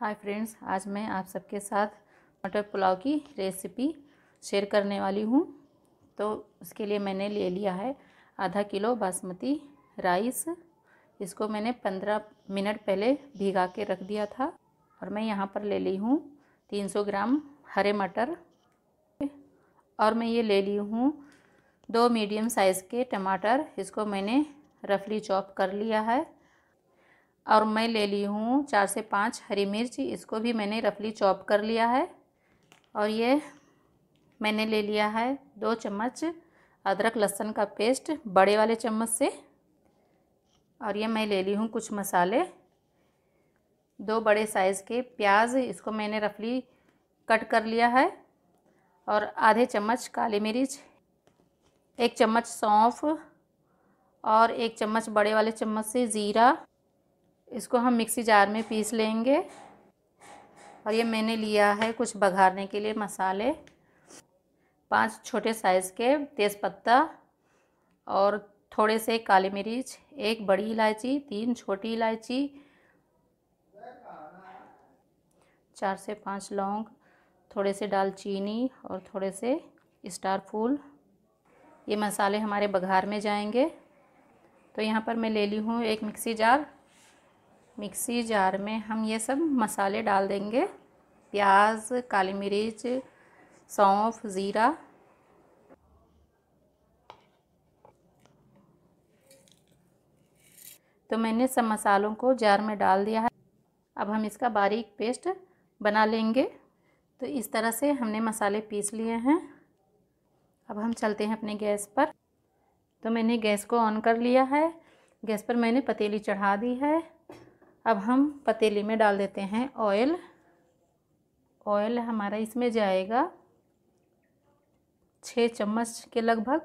हाय friends आज मैं आप सबके साथ मटर पुलाव की रेसिपी शेयर करने वाली हूँ तो उसके लिए मैंने ले लिया है आधा किलो बासमती राइस इसको मैंने पंद्रह मिनट पहले भिगा के रख दिया था और मैं यहाँ पर ले ली हूँ तीन सौ ग्राम हरे मटर और मैं ये ले ली हूँ दो मीडियम साइज़ के टमाटर इसको मैंने रफली चॉप कर लिया है और मैं ले ली हूँ चार से पाँच हरी मिर्च इसको भी मैंने रफली चॉप कर लिया है और ये मैंने ले लिया है दो चम्मच अदरक लहसन का पेस्ट बड़े वाले चम्मच से और ये मैं ले ली हूँ कुछ मसाले दो बड़े साइज़ के प्याज इसको मैंने रफली कट कर लिया है और आधे चम्मच काली मिर्च एक चम्मच सौंफ और एक चम्मच बड़े वाले चम्मच से ज़ीरा इसको हम मिक्सी जार में पीस लेंगे और ये मैंने लिया है कुछ बघारने के लिए मसाले पांच छोटे साइज़ के तेज़पत्ता और थोड़े से काली मिर्च एक बड़ी इलायची तीन छोटी इलायची चार से पांच लौंग थोड़े से दालचीनी और थोड़े से स्टार फूल ये मसाले हमारे बघार में जाएंगे तो यहाँ पर मैं ले ली हूँ एक मिक्सी जार मिक्सी जार में हम ये सब मसाले डाल देंगे प्याज काली मिर्च सौंफ ज़ीरा तो मैंने सब मसालों को जार में डाल दिया है अब हम इसका बारीक पेस्ट बना लेंगे तो इस तरह से हमने मसाले पीस लिए हैं अब हम चलते हैं अपने गैस पर तो मैंने गैस को ऑन कर लिया है गैस पर मैंने पतीली चढ़ा दी है अब हम पतीली में डाल देते हैं ऑयल ऑयल हमारा इसमें जाएगा छः चम्मच के लगभग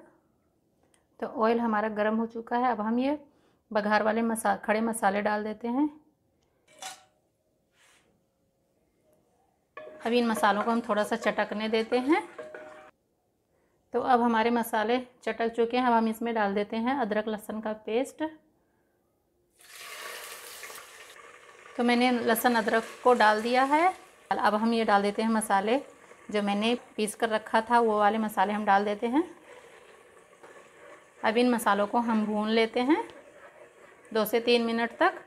तो ऑयल हमारा गर्म हो चुका है अब हम ये बघार वाले मसा खड़े मसाले डाल देते हैं अब इन मसालों को हम थोड़ा सा चटकने देते हैं तो अब हमारे मसाले चटक चुके हैं अब हम इसमें डाल देते हैं अदरक लहसन का पेस्ट तो मैंने लहसुन अदरक को डाल दिया है अब हम ये डाल देते हैं मसाले जो मैंने पीस कर रखा था वो वाले मसाले हम डाल देते हैं अब इन मसालों को हम भून लेते हैं दो से तीन मिनट तक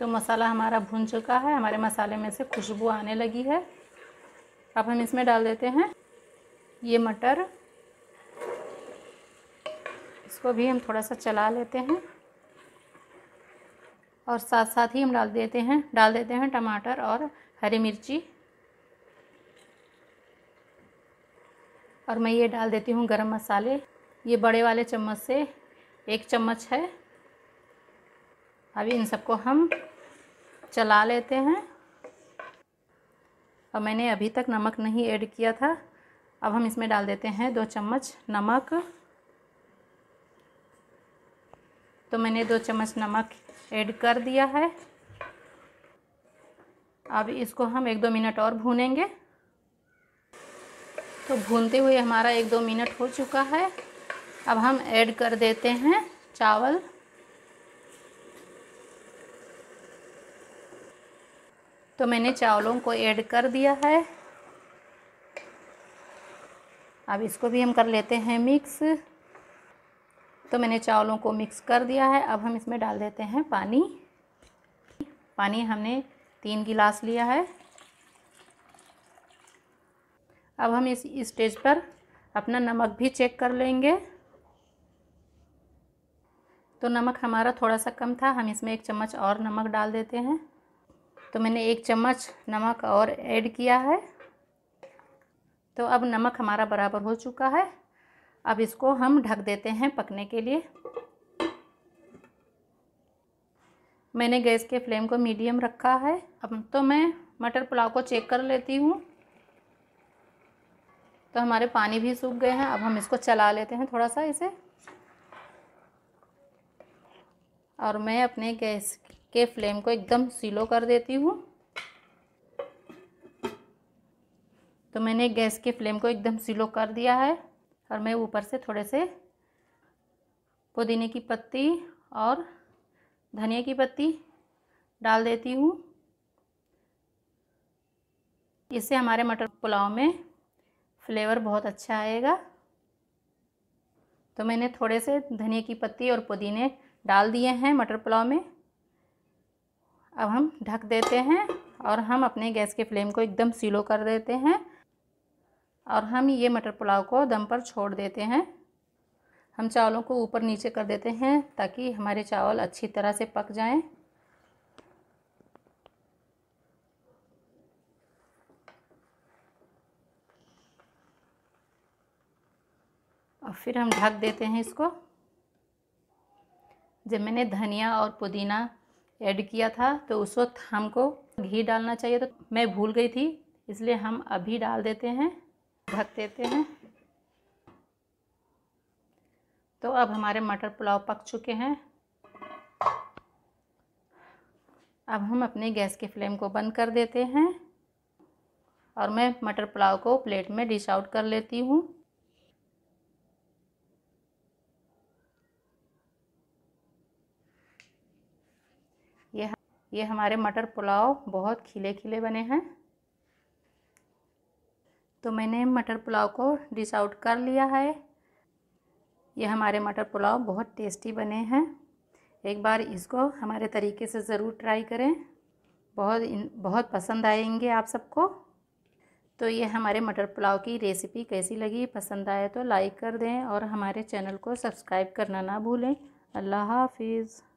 तो मसाला हमारा भून चुका है हमारे मसाले में से खुशबू आने लगी है अब हम इसमें डाल देते हैं ये मटर इसको भी हम थोड़ा सा चला लेते हैं और साथ साथ ही हम डाल देते हैं डाल देते हैं टमाटर और हरी मिर्ची और मैं ये डाल देती हूँ गरम मसाले ये बड़े वाले चम्मच से एक चम्मच है अभी इन सबको हम चला लेते हैं और मैंने अभी तक नमक नहीं ऐड किया था अब हम इसमें डाल देते हैं दो चम्मच नमक तो मैंने दो चम्मच नमक ऐड कर दिया है अब इसको हम एक दो मिनट और भूनेंगे तो भूनते हुए हमारा एक दो मिनट हो चुका है अब हम ऐड कर देते हैं चावल तो मैंने चावलों को ऐड कर दिया है अब इसको भी हम कर लेते हैं मिक्स तो मैंने चावलों को मिक्स कर दिया है अब हम इसमें डाल देते हैं पानी पानी हमने तीन गिलास लिया है अब हम इस स्टेज पर अपना नमक भी चेक कर लेंगे तो नमक हमारा थोड़ा सा कम था हम इसमें एक चम्मच और नमक डाल देते हैं तो मैंने एक चम्मच नमक और ऐड किया है तो अब नमक हमारा बराबर हो चुका है अब इसको हम ढक देते हैं पकने के लिए मैंने गैस के फ्लेम को मीडियम रखा है अब तो मैं मटर पुलाव को चेक कर लेती हूँ तो हमारे पानी भी सूख गए हैं अब हम इसको चला लेते हैं थोड़ा सा इसे और मैं अपने गैस के फ्लेम को एकदम सीलो कर देती हूँ तो मैंने गैस के फ्लेम को एकदम सीलो कर दिया है और मैं ऊपर से थोड़े से पुदीने की पत्ती और धनिया की पत्ती डाल देती हूँ इससे हमारे मटर पुलाव में फ्लेवर बहुत अच्छा आएगा तो मैंने थोड़े से धनिया की पत्ती और पुदीने डाल दिए हैं मटर पुलाव में अब हम ढक देते हैं और हम अपने गैस के फ्लेम को एकदम सीलो कर देते हैं और हम ये मटर पुलाव को दम पर छोड़ देते हैं हम चावलों को ऊपर नीचे कर देते हैं ताकि हमारे चावल अच्छी तरह से पक जाएं और फिर हम ढक देते हैं इसको जब मैंने धनिया और पुदीना ऐड किया था तो उस वक्त हमको घी डालना चाहिए तो मैं भूल गई थी इसलिए हम अभी डाल देते हैं ढक देते हैं तो अब हमारे मटर पुलाव पक चुके हैं अब हम अपने गैस के फ्लेम को बंद कर देते हैं और मैं मटर पुलाव को प्लेट में डिश आउट कर लेती हूँ ये ये हमारे मटर पुलाव बहुत खिले खिले बने हैं तो मैंने मटर पुलाव को डिश आउट कर लिया है ये हमारे मटर पुलाव बहुत टेस्टी बने हैं एक बार इसको हमारे तरीके से ज़रूर ट्राई करें बहुत बहुत पसंद आएंगे आप सबको तो ये हमारे मटर पुलाव की रेसिपी कैसी लगी पसंद आए तो लाइक कर दें और हमारे चैनल को सब्सक्राइब करना ना भूलें अल्लाह हाफिज़